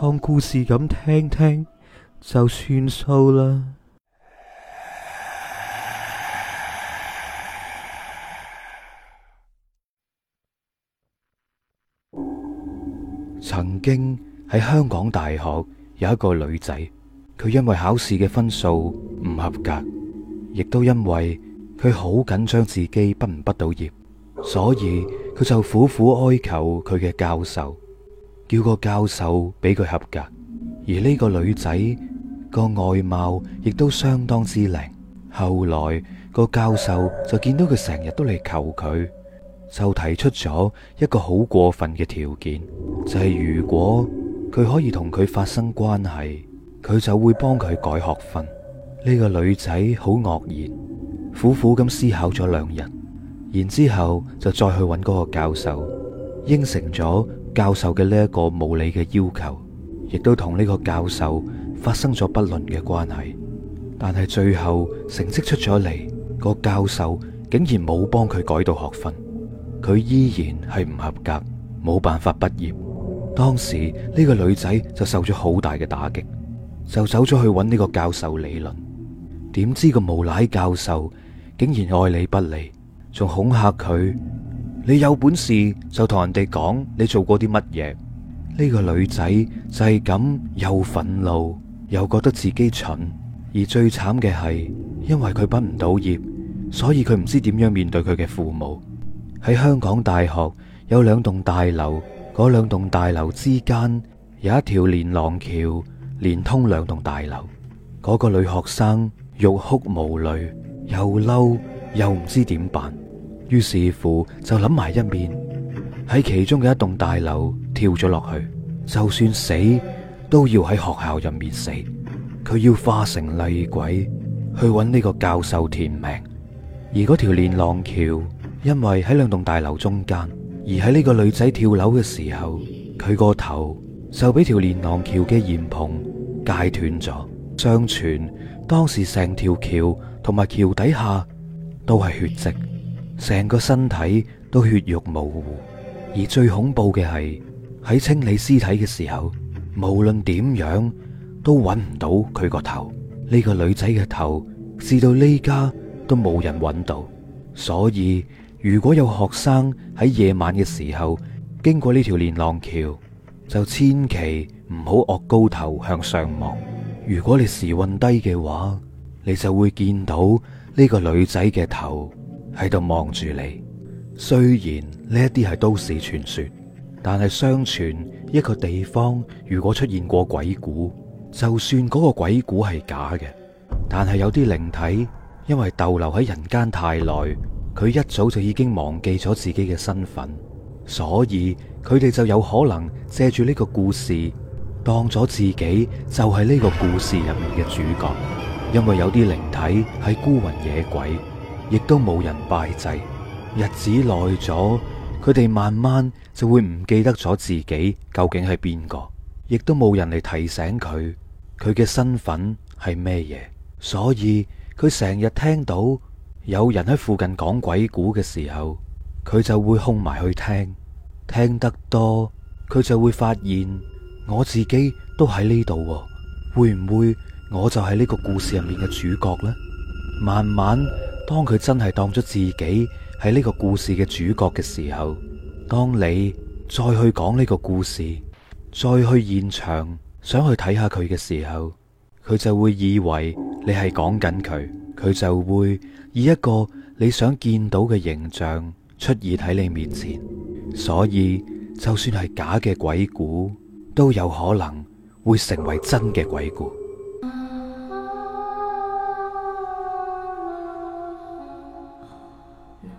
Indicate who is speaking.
Speaker 1: 當故事咁聽聽就算數啦。曾經喺香港大學有一個女仔，佢因為考試嘅分數唔合格，亦都因為佢好緊張自己畢唔畢到業，所以佢就苦苦哀求佢嘅教授。叫個教授俾佢合格，而呢個女仔個外貌亦都相當之靚。後來個教授就見到佢成日都嚟求佢，就提出咗一個好過分嘅條件，就係如果佢可以同佢發生關係，佢就會幫佢改學分。呢個女仔好愕然，苦苦咁思考咗兩日，然之後就再去揾嗰個教授，應承咗教授嘅呢一個無理嘅要求，亦都同呢個教授發生咗不倫嘅關係，但係最後成績出咗嚟，個教授竟然冇幫佢改到學分，佢依然係唔合格，冇辦法畢業。當時呢個女仔就受咗好大嘅打擊，就走咗去揾呢個教授理論，點知個無賴教授竟然愛理不理，仲恐嚇佢。你有本事就同人哋講你做過啲乜嘢？呢個女仔就係咁又憤怒又覺得自己蠢，而最慘嘅係因為佢畢唔到業，所以佢唔知點樣面對佢嘅父母。喺香港大學有兩棟大樓，嗰兩棟大樓之間有一條連廊橋，連通兩棟大樓。嗰個女學生欲哭無淚，又嬲又唔知點辦。於是乎就諗埋一面，喺其中嘅一棟大樓跳咗落去，就算死都要喺學校入面死。佢要化成厲鬼去揾呢個教授填命。而嗰條連廊橋因為喺兩棟大樓中間，而喺呢個女仔跳樓嘅時候，佢個頭就俾條連廊橋嘅檐篷介斷咗。相傳當時成條橋同埋橋底下都係血跡。成個身體都血肉模糊，而最恐怖嘅係喺清理屍體嘅時候，無論點樣都揾唔到佢個頭。呢個女仔嘅頭，至到呢家都冇人揾到。所以，如果有學生喺夜晚嘅時候經過呢條連浪橋，就千祈唔好惡高頭向上望。如果你時運低嘅話，你就會見到呢個女仔嘅頭。喺度望住你。雖然呢一啲係都市傳說，但係相傳一個地方如果出現過鬼故，就算嗰個鬼故係假嘅，但係有啲靈體因為逗留喺人間太耐，佢一早就已經忘記咗自己嘅身份，所以佢哋就有可能借住呢個故事，當咗自己就係呢個故事入面嘅主角。因為有啲靈體係孤魂野鬼，亦都冇人拜祭，日子耐咗，佢哋慢慢就會唔記得咗自己究竟係邊個，亦都冇人嚟提醒佢，佢嘅身份係咩嘢。所以佢成日聽到有人喺附近講鬼故嘅時候，佢就會空埋去聽，聽得多佢就會發現，我自己都喺呢度，會唔會我就係呢個故事入面嘅主角咧？慢慢。當佢真係當咗自己係呢個故事嘅主角嘅時候，當你再去講呢個故事，再去現場想去睇下佢嘅時候，佢就會以為你係講緊佢，佢就會以一個你想見到嘅形象出現喺你面前。所以，就算係假嘅鬼故，都有可能會成為真嘅鬼故。